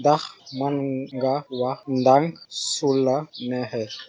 ndax mën nga wax ndànk su la neexee